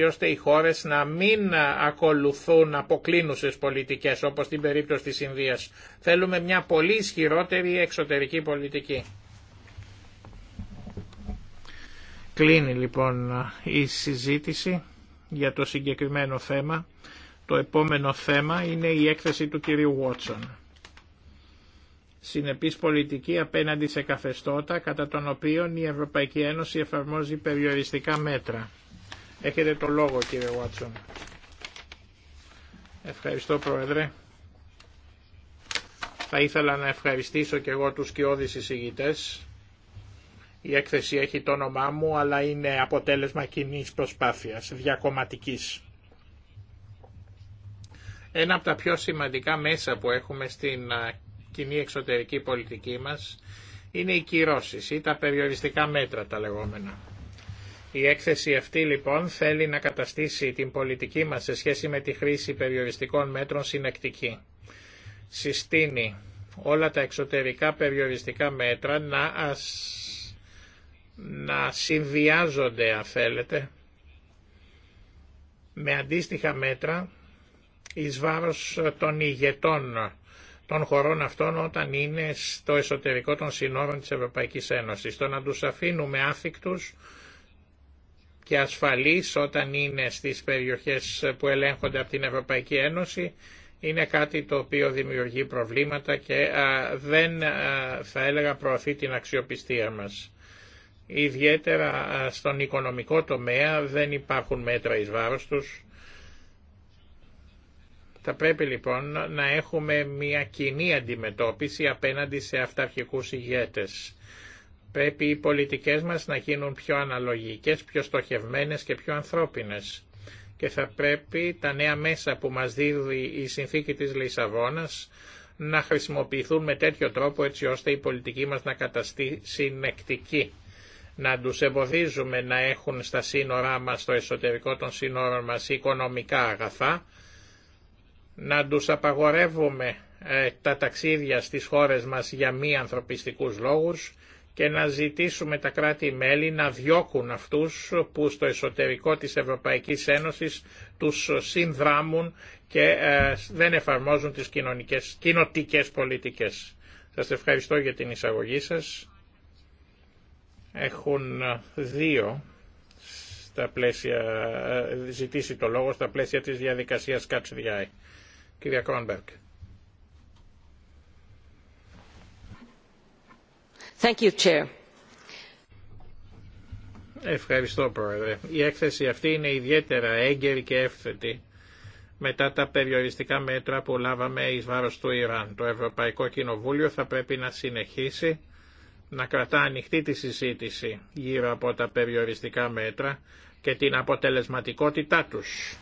ώστε οι χώρες να μην ακολουθούν αποκλίνουσες πολιτικές όπως την περίπτωση της Ινδίας. Θέλουμε μια πολύ ισχυρότερη εξωτερική πολιτική. Κλείνει λοιπόν η συζήτηση για το συγκεκριμένο θέμα. Το επόμενο θέμα είναι η έκθεση του κυρίου Βότσον. Συνεπής πολιτική απέναντι σε καθεστώτα κατά τον οποίο η Ευρωπαϊκή Ένωση εφαρμόζει περιοριστικά μέτρα. Έχετε το λόγο κύριε Βάτσον. Ευχαριστώ Πρόεδρε. Θα ήθελα να ευχαριστήσω και εγώ τους κοιόδης εισηγητές. Η έκθεση έχει το όνομά μου, αλλά είναι αποτέλεσμα κοινή προσπάθειας, διακομματικής. Ένα από τα πιο σημαντικά μέσα που έχουμε στην κοινή εξωτερική πολιτική μας είναι οι κυρώσεις ή τα περιοριστικά μέτρα τα λεγόμενα. Η έκθεση αυτή λοιπόν θέλει να καταστήσει την πολιτική μας σε σχέση με τη χρήση περιοριστικών μέτρων συνεκτική. Συστήνει όλα τα εξωτερικά περιοριστικά μέτρα να, να συνδυάζονται αν θέλετε με αντίστοιχα μέτρα εις βάρος των ηγετών των χωρών αυτών όταν είναι στο εσωτερικό των συνόρων της Ευρωπαϊκής Ένωσης. Το να τους αφήνουμε και ασφαλής όταν είναι στις περιοχές που ελέγχονται από την Ευρωπαϊκή Ένωση είναι κάτι το οποίο δημιουργεί προβλήματα και δεν θα έλεγα προωθεί την αξιοπιστία μας. Ιδιαίτερα στον οικονομικό τομέα δεν υπάρχουν μέτρα εις βάρος τους. Θα πρέπει λοιπόν να έχουμε μια κοινή αντιμετώπιση απέναντι σε αυταρχικούς ηγέτες. Πρέπει οι πολιτικές μας να γίνουν πιο αναλογικές, πιο στοχευμένες και πιο ανθρώπινες. Και θα πρέπει τα νέα μέσα που μας δίδει η συνθήκη της Λισαβόνας να χρησιμοποιηθούν με τέτοιο τρόπο έτσι ώστε η πολιτική μας να καταστεί συνεκτική. Να τους εμποδίζουμε να έχουν στα σύνορά μας, στο εσωτερικό των σύνορων μας, οικονομικά αγαθά, να τους απαγορεύουμε ε, τα ταξίδια στις χώρες μας για μη ανθρωπιστικούς λόγους και να ζητήσουμε τα κράτη-μέλη να διώκουν αυτούς που στο εσωτερικό της Ευρωπαϊκής Ένωσης τους συνδράμουν και ε, δεν εφαρμόζουν τις κοινωνικές, κοινοτικές πολιτικές. Σας ευχαριστώ για την εισαγωγή σας. Έχουν ε, δύο στα πλαίσια, ε, ζητήσει το λόγο στα πλαίσια της διαδικασίας Catch Κυρία Κόνμπερκ. Ευχαριστώ Πρόεδρε. Η έκθεση αυτή είναι ιδιαίτερα έγκαιρη και εύθετη μετά τα περιοριστικά μέτρα που λάβαμε εις βάρος του Ιράν. Το Ευρωπαϊκό Κοινοβούλιο θα πρέπει να συνεχίσει να κρατά ανοιχτή τη συζήτηση γύρω από τα περιοριστικά μέτρα και την αποτελεσματικότητά τους.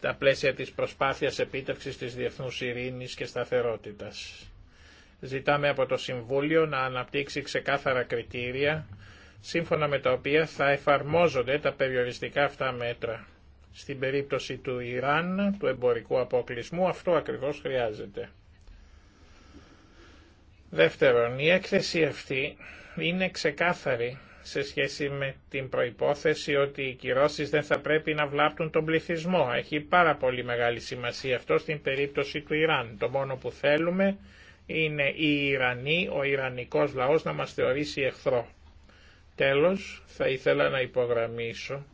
τα πλαίσια της προσπάθειας επίτευξης της διεθνούς ειρήνης και σταθερότητας. Ζητάμε από το Συμβούλιο να αναπτύξει ξεκάθαρα κριτήρια, σύμφωνα με τα οποία θα εφαρμόζονται τα περιοριστικά αυτά μέτρα. Στην περίπτωση του Ιράν, του εμπορικού αποκλεισμού, αυτό ακριβώς χρειάζεται. Δεύτερον, η έκθεση αυτή είναι ξεκάθαρη σε σχέση με την προϋπόθεση ότι οι κυρώσεις δεν θα πρέπει να βλάπτουν τον πληθυσμό. Έχει πάρα πολύ μεγάλη σημασία αυτό στην περίπτωση του Ιράν. Το μόνο που θέλουμε είναι οι Ιρανοί, ο Ιρανικός λαός να μας θεωρήσει εχθρό. Τέλος, θα ήθελα να υπογραμμίσω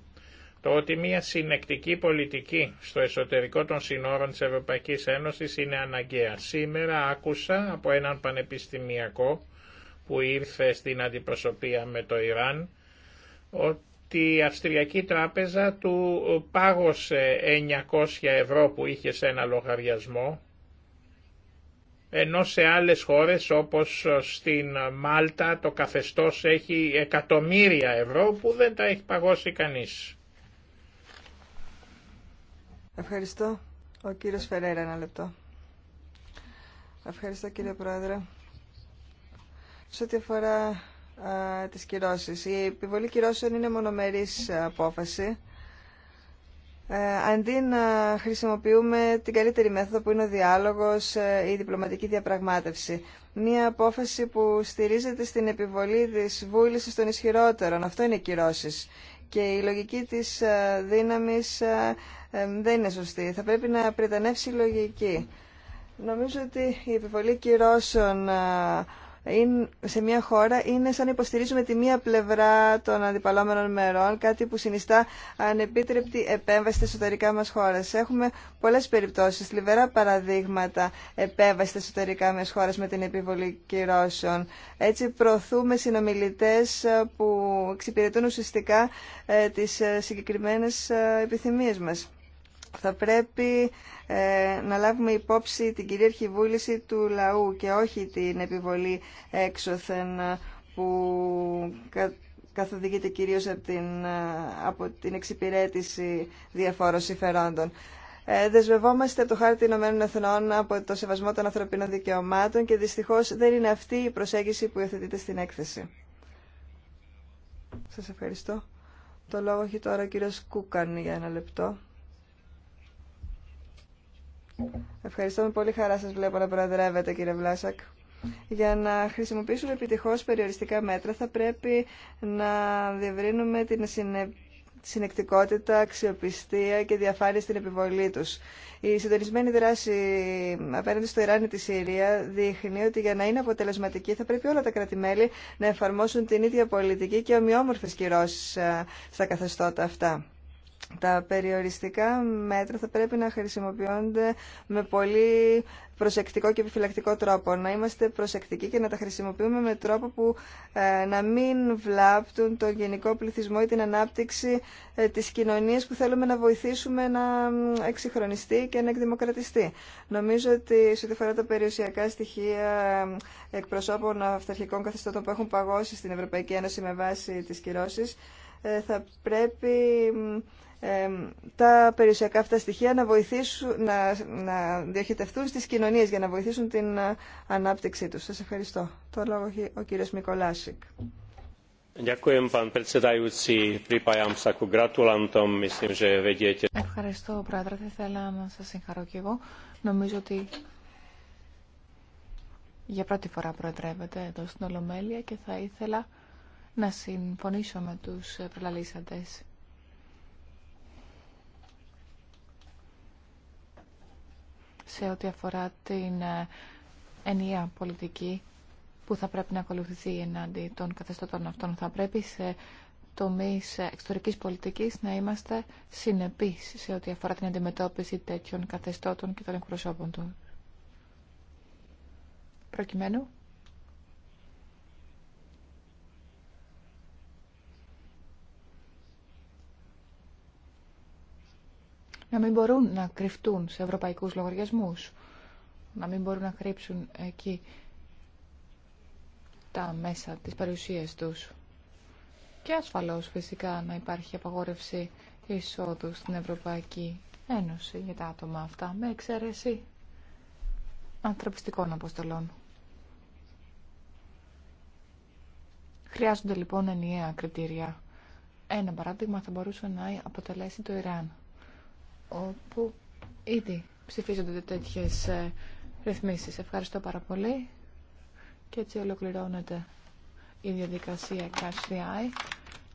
το ότι μια συνεκτική πολιτική στο εσωτερικό των συνόρων της Ευρωπαϊκής Ένωσης είναι αναγκαία. Σήμερα άκουσα από έναν πανεπιστημιακό που ήρθε στην αντιπροσωπεία με το Ιράν ότι η Αυστριακή Τράπεζα του πάγωσε 900 ευρώ που είχε σε ένα λογαριασμό ενώ σε άλλες χώρες όπως στην Μάλτα το καθεστώς έχει εκατομμύρια ευρώ που δεν τα έχει παγώσει κανείς. Ευχαριστώ. Ο κύριος Φερέρα ένα λεπτό. Ευχαριστώ κύριε Πρόεδρε. Σε ό,τι αφορά α, τις κυρώσεις. Η επιβολή κυρώσεων είναι μονομερής απόφαση. Ε, αντί να χρησιμοποιούμε την καλύτερη μέθοδο που είναι ο διάλογος, η ε, η διπλωματική διαπραγμάτευση. Μία απόφαση που στηρίζεται στην επιβολή της βούλησης των ισχυρότερων. Αυτό είναι οι κυρώσεις. Και η λογική της ε, δύναμης ε, δεν είναι σωστή. Θα πρέπει να πρετανεύσει η λογική. Νομίζω ότι η επιβολή κυρώσεων σε μια χώρα είναι σαν να υποστηρίζουμε τη μία πλευρά των αντιπαλόμενων μερών, κάτι που συνιστά ανεπίτρεπτη επέμβαση στα εσωτερικά μας χώρες. Έχουμε πολλές περιπτώσεις, θλιβερά παραδείγματα επέμβαση στα εσωτερικά μας χώρες με την επιβολή κυρώσεων. Έτσι προωθούμε συνομιλητές ε, που εξυπηρετούν ουσιαστικά ε, τις ε, συγκεκριμένες επιθυμίες μας θα πρέπει ε, να λάβουμε υπόψη την κυρίαρχη βούληση του λαού και όχι την επιβολή έξωθεν που καθοδηγείται κυρίως από την, ε, από την εξυπηρέτηση διαφόρων συμφερόντων. Ε, δεσμευόμαστε από το Χάρτη Ηνωμένων Εθνών από το σεβασμό των ανθρωπίνων δικαιωμάτων και δυστυχώς δεν είναι αυτή η προσέγγιση που υιοθετείται στην έκθεση. Σας ευχαριστώ. Το λόγο έχει τώρα ο κύριος Κούκαν για ένα λεπτό. Ευχαριστώ πολύ χαρά σας βλέπω να προεδρεύετε κύριε Βλάσακ. Για να χρησιμοποιήσουμε επιτυχώς περιοριστικά μέτρα θα πρέπει να διευρύνουμε την συνεκτικότητα, αξιοπιστία και διαφάνεια στην επιβολή τους. Η συντονισμένη δράση απέναντι στο Ιράν και τη Συρία δείχνει ότι για να είναι αποτελεσματική θα πρέπει όλα τα κρατη να εφαρμόσουν την ίδια πολιτική και ομοιόμορφες κυρώσεις ε, στα καθεστώτα αυτά. Τα περιοριστικά μέτρα θα πρέπει να χρησιμοποιούνται με πολύ προσεκτικό και επιφυλακτικό τρόπο. Να είμαστε προσεκτικοί και να τα χρησιμοποιούμε με τρόπο που ε, να μην βλάπτουν τον γενικό πληθυσμό ή την ανάπτυξη ε, της κοινωνίας που θέλουμε να βοηθήσουμε να εξυγχρονιστεί και να εκδημοκρατιστεί. Νομίζω ότι σε ό,τι αφορά τα περιουσιακά στοιχεία ε, εκπροσώπων αυταρχικών καθεστώτων που έχουν παγώσει στην Ευρωπαϊκή Ένωση με βάση τις κυρώσεις, ε, θα πρέπει ε, τα περιουσιακά αυτά στοιχεία να, βοηθήσουν, να, να διοχετευτούν στις κοινωνίες για να βοηθήσουν την ε, ανάπτυξή τους. Σας ευχαριστώ. Το λόγο έχει ο κύριος Μικολάσικ. Ευχαριστώ, Πρόεδρε. Θα ήθελα να σας συγχαρώ και εγώ. Νομίζω ότι για πρώτη φορά προεδρεύεται εδώ στην Ολομέλεια και θα ήθελα να συμφωνήσω με τους προλαλήσαντες. σε ό,τι αφορά την ε, ενιαία πολιτική που θα πρέπει να ακολουθηθεί εναντί των καθεστώτων αυτών. Θα πρέπει σε τομείς εξωτερικής πολιτικής να είμαστε συνεπείς σε ό,τι αφορά την αντιμετώπιση τέτοιων καθεστώτων και των εκπροσώπων του. Προκειμένου να μην μπορούν να κρυφτούν σε ευρωπαϊκούς λογαριασμούς, να μην μπορούν να κρύψουν εκεί τα μέσα της παρουσίας τους. Και ασφαλώς φυσικά να υπάρχει απαγόρευση εισόδου στην Ευρωπαϊκή Ένωση για τα άτομα αυτά, με εξαίρεση ανθρωπιστικών αποστολών. Χρειάζονται λοιπόν ενιαία κριτήρια. Ένα παράδειγμα θα μπορούσε να αποτελέσει το Ιράν όπου ήδη ψηφίζονται τέτοιες ε, ρυθμίσεις. Ευχαριστώ πάρα πολύ και έτσι ολοκληρώνεται η διαδικασία Cash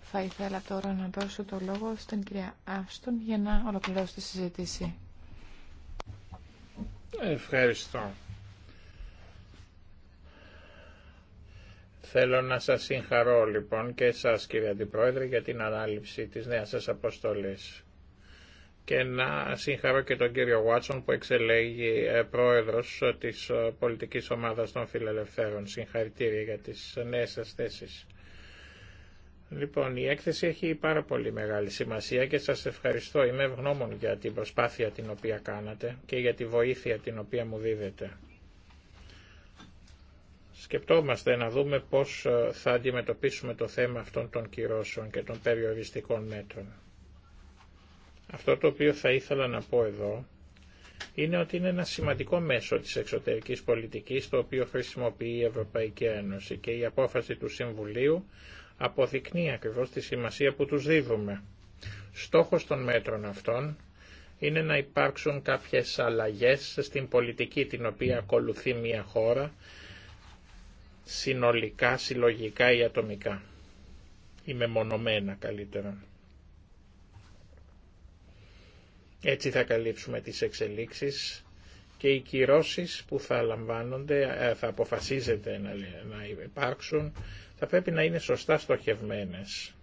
Θα ήθελα τώρα να δώσω το λόγο στην κυρία Άστον για να ολοκληρώσει τη συζήτηση. Ευχαριστώ. Θέλω να σας συγχαρώ λοιπόν και εσάς κύριε Αντιπρόεδρε για την ανάληψη της νέας σας αποστολής και να συγχαρώ και τον κύριο Βάτσον που εξελέγει ε, πρόεδρος ε, της ε, πολιτικής ομάδας των φιλελευθέρων. Συγχαρητήρια για τις νέες σας θέσεις. Λοιπόν, η έκθεση έχει πάρα πολύ μεγάλη σημασία και σας ευχαριστώ. Είμαι ευγνώμων για την προσπάθεια την οποία κάνατε και για τη βοήθεια την οποία μου δίδετε. Σκεπτόμαστε να δούμε πώς θα αντιμετωπίσουμε το θέμα αυτών των κυρώσεων και των περιοριστικών μέτρων. Αυτό το οποίο θα ήθελα να πω εδώ είναι ότι είναι ένα σημαντικό μέσο της εξωτερικής πολιτικής το οποίο χρησιμοποιεί η Ευρωπαϊκή Ένωση και η απόφαση του Συμβουλίου αποδεικνύει ακριβώς τη σημασία που τους δίδουμε. Στόχος των μέτρων αυτών είναι να υπάρξουν κάποιες αλλαγές στην πολιτική την οποία ακολουθεί μια χώρα συνολικά, συλλογικά ή ατομικά ή μεμονωμένα καλύτερα. Έτσι θα καλύψουμε τις εξελίξεις και οι κυρώσεις που θα λαμβάνονται, ε, θα αποφασίζεται να υπάρξουν, θα πρέπει να είναι σωστά στοχευμένες.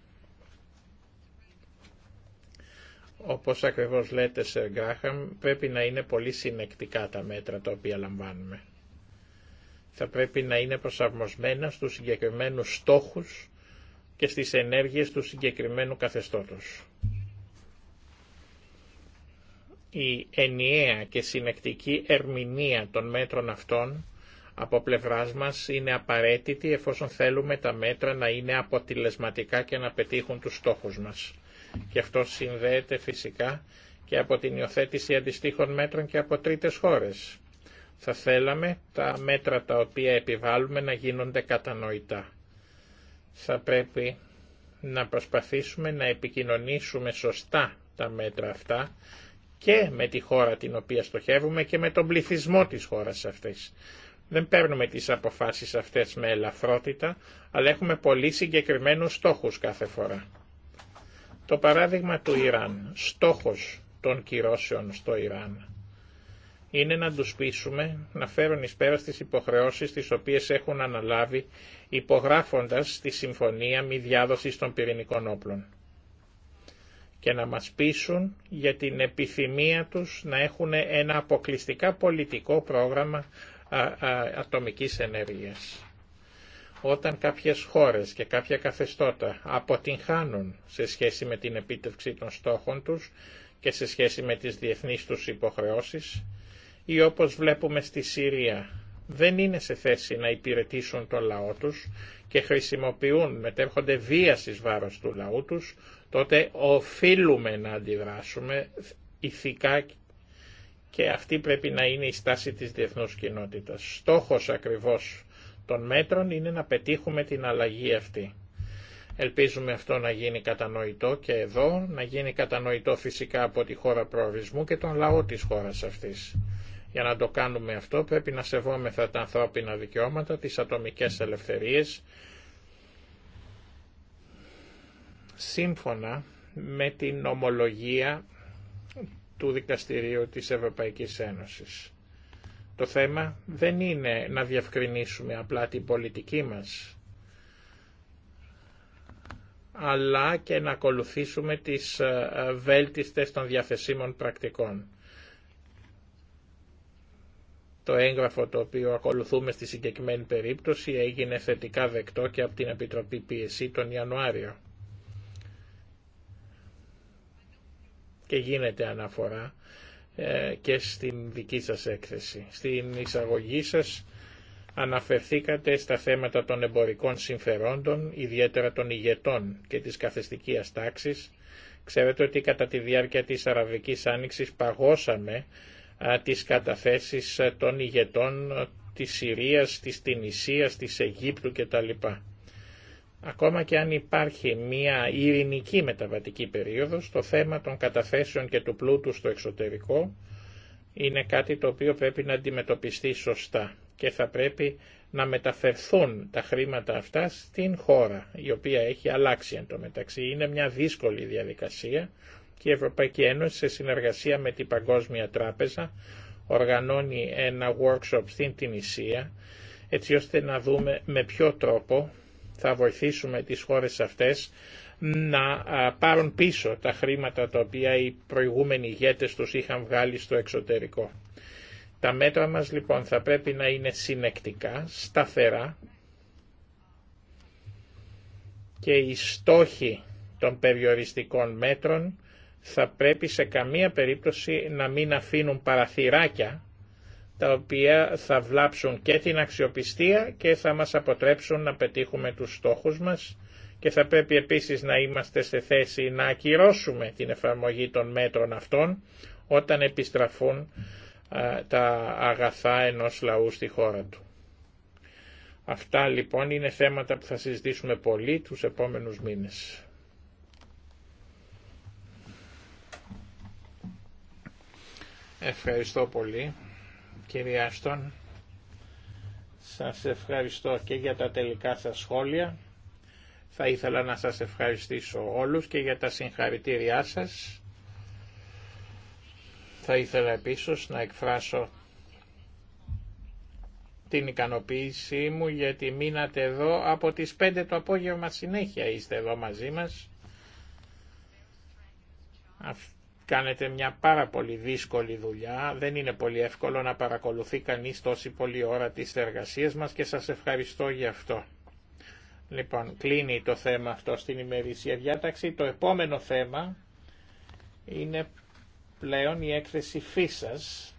Όπως ακριβώς λέτε, Σερ Γκράχαμ, πρέπει να είναι πολύ συνεκτικά τα μέτρα τα οποία λαμβάνουμε. Θα πρέπει να είναι προσαρμοσμένα στους συγκεκριμένους στόχους και στις ενέργειες του συγκεκριμένου καθεστώτος. η ενιαία και συνεκτική ερμηνεία των μέτρων αυτών από πλευράς μας είναι απαραίτητη εφόσον θέλουμε τα μέτρα να είναι αποτελεσματικά και να πετύχουν τους στόχους μας. Και αυτό συνδέεται φυσικά και από την υιοθέτηση αντιστοίχων μέτρων και από τρίτες χώρες. Θα θέλαμε τα μέτρα τα οποία επιβάλλουμε να γίνονται κατανοητά. Θα πρέπει να προσπαθήσουμε να επικοινωνήσουμε σωστά τα μέτρα αυτά και με τη χώρα την οποία στοχεύουμε και με τον πληθυσμό της χώρας αυτής. Δεν παίρνουμε τις αποφάσεις αυτές με ελαφρότητα, αλλά έχουμε πολύ συγκεκριμένους στόχους κάθε φορά. Το παράδειγμα του Ιράν, στόχος των κυρώσεων στο Ιράν, είναι να τους πείσουμε να φέρουν εις πέρα τις υποχρεώσεις τις οποίες έχουν αναλάβει υπογράφοντας τη Συμφωνία Μη Διάδοσης των Πυρηνικών Όπλων και να μας πείσουν για την επιθυμία τους να έχουν ένα αποκλειστικά πολιτικό πρόγραμμα ατομικής ενέργειας. Όταν κάποιες χώρες και κάποια καθεστώτα αποτυγχάνουν σε σχέση με την επίτευξη των στόχων τους και σε σχέση με τις διεθνείς τους υποχρεώσεις ή όπως βλέπουμε στη Συρία δεν είναι σε θέση να υπηρετήσουν τον λαό τους και χρησιμοποιούν, μετέρχονται βία βάρος του λαού τους, τότε οφείλουμε να αντιδράσουμε ηθικά και αυτή πρέπει να είναι η στάση της διεθνούς κοινότητας. Στόχος ακριβώς των μέτρων είναι να πετύχουμε την αλλαγή αυτή. Ελπίζουμε αυτό να γίνει κατανοητό και εδώ, να γίνει κατανοητό φυσικά από τη χώρα προορισμού και τον λαό της χώρας αυτής. Για να το κάνουμε αυτό πρέπει να σεβόμεθα τα ανθρώπινα δικαιώματα, τις ατομικές ελευθερίες σύμφωνα με την ομολογία του Δικαστηρίου της Ευρωπαϊκής Ένωσης. Το θέμα δεν είναι να διευκρινίσουμε απλά την πολιτική μας, αλλά και να ακολουθήσουμε τις ε, ε, βέλτιστες των διαθεσίμων πρακτικών. Το έγγραφο το οποίο ακολουθούμε στη συγκεκριμένη περίπτωση έγινε θετικά δεκτό και από την Επιτροπή Πίεση τον Ιανουάριο. και γίνεται αναφορά ε, και στην δική σας έκθεση. Στην εισαγωγή σας αναφερθήκατε στα θέματα των εμπορικών συμφερόντων, ιδιαίτερα των ηγετών και της καθεστικίας τάξης. Ξέρετε ότι κατά τη διάρκεια της Αραβικής Άνοιξης παγώσαμε τις καταθέσεις των ηγετών της Συρίας, της Τινησίας, της Αιγύπτου κτλ. Ακόμα και αν υπάρχει μια ειρηνική μεταβατική περίοδος, το θέμα των καταθέσεων και του πλούτου στο εξωτερικό είναι κάτι το οποίο πρέπει να αντιμετωπιστεί σωστά και θα πρέπει να μεταφερθούν τα χρήματα αυτά στην χώρα η οποία έχει αλλάξει εν τω μεταξύ. Είναι μια δύσκολη διαδικασία και η Ευρωπαϊκή Ένωση σε συνεργασία με την Παγκόσμια Τράπεζα οργανώνει ένα workshop στην Τινησία έτσι ώστε να δούμε με ποιο τρόπο θα βοηθήσουμε τις χώρες αυτές να πάρουν πίσω τα χρήματα τα οποία οι προηγούμενοι ηγέτες τους είχαν βγάλει στο εξωτερικό. Τα μέτρα μας λοιπόν θα πρέπει να είναι συνεκτικά, σταθερά και οι στόχοι των περιοριστικών μέτρων θα πρέπει σε καμία περίπτωση να μην αφήνουν παραθυράκια τα οποία θα βλάψουν και την αξιοπιστία και θα μας αποτρέψουν να πετύχουμε τους στόχους μας και θα πρέπει επίσης να είμαστε σε θέση να ακυρώσουμε την εφαρμογή των μέτρων αυτών όταν επιστραφούν τα αγαθά ενός λαού στη χώρα του. Αυτά λοιπόν είναι θέματα που θα συζητήσουμε πολύ τους επόμενους μήνες. Ευχαριστώ πολύ κυρία Άστον. Σας ευχαριστώ και για τα τελικά σας σχόλια. Θα ήθελα να σας ευχαριστήσω όλους και για τα συγχαρητήριά σας. Θα ήθελα επίσης να εκφράσω την ικανοποίησή μου γιατί μείνατε εδώ από τις 5 το απόγευμα συνέχεια είστε εδώ μαζί μας Κάνετε μια πάρα πολύ δύσκολη δουλειά, δεν είναι πολύ εύκολο να παρακολουθεί κανείς τόση πολλή ώρα τις εργασίες μας και σας ευχαριστώ για αυτό. Λοιπόν, κλείνει το θέμα αυτό στην ημερήσια διάταξη. Το επόμενο θέμα είναι πλέον η έκθεση φύσας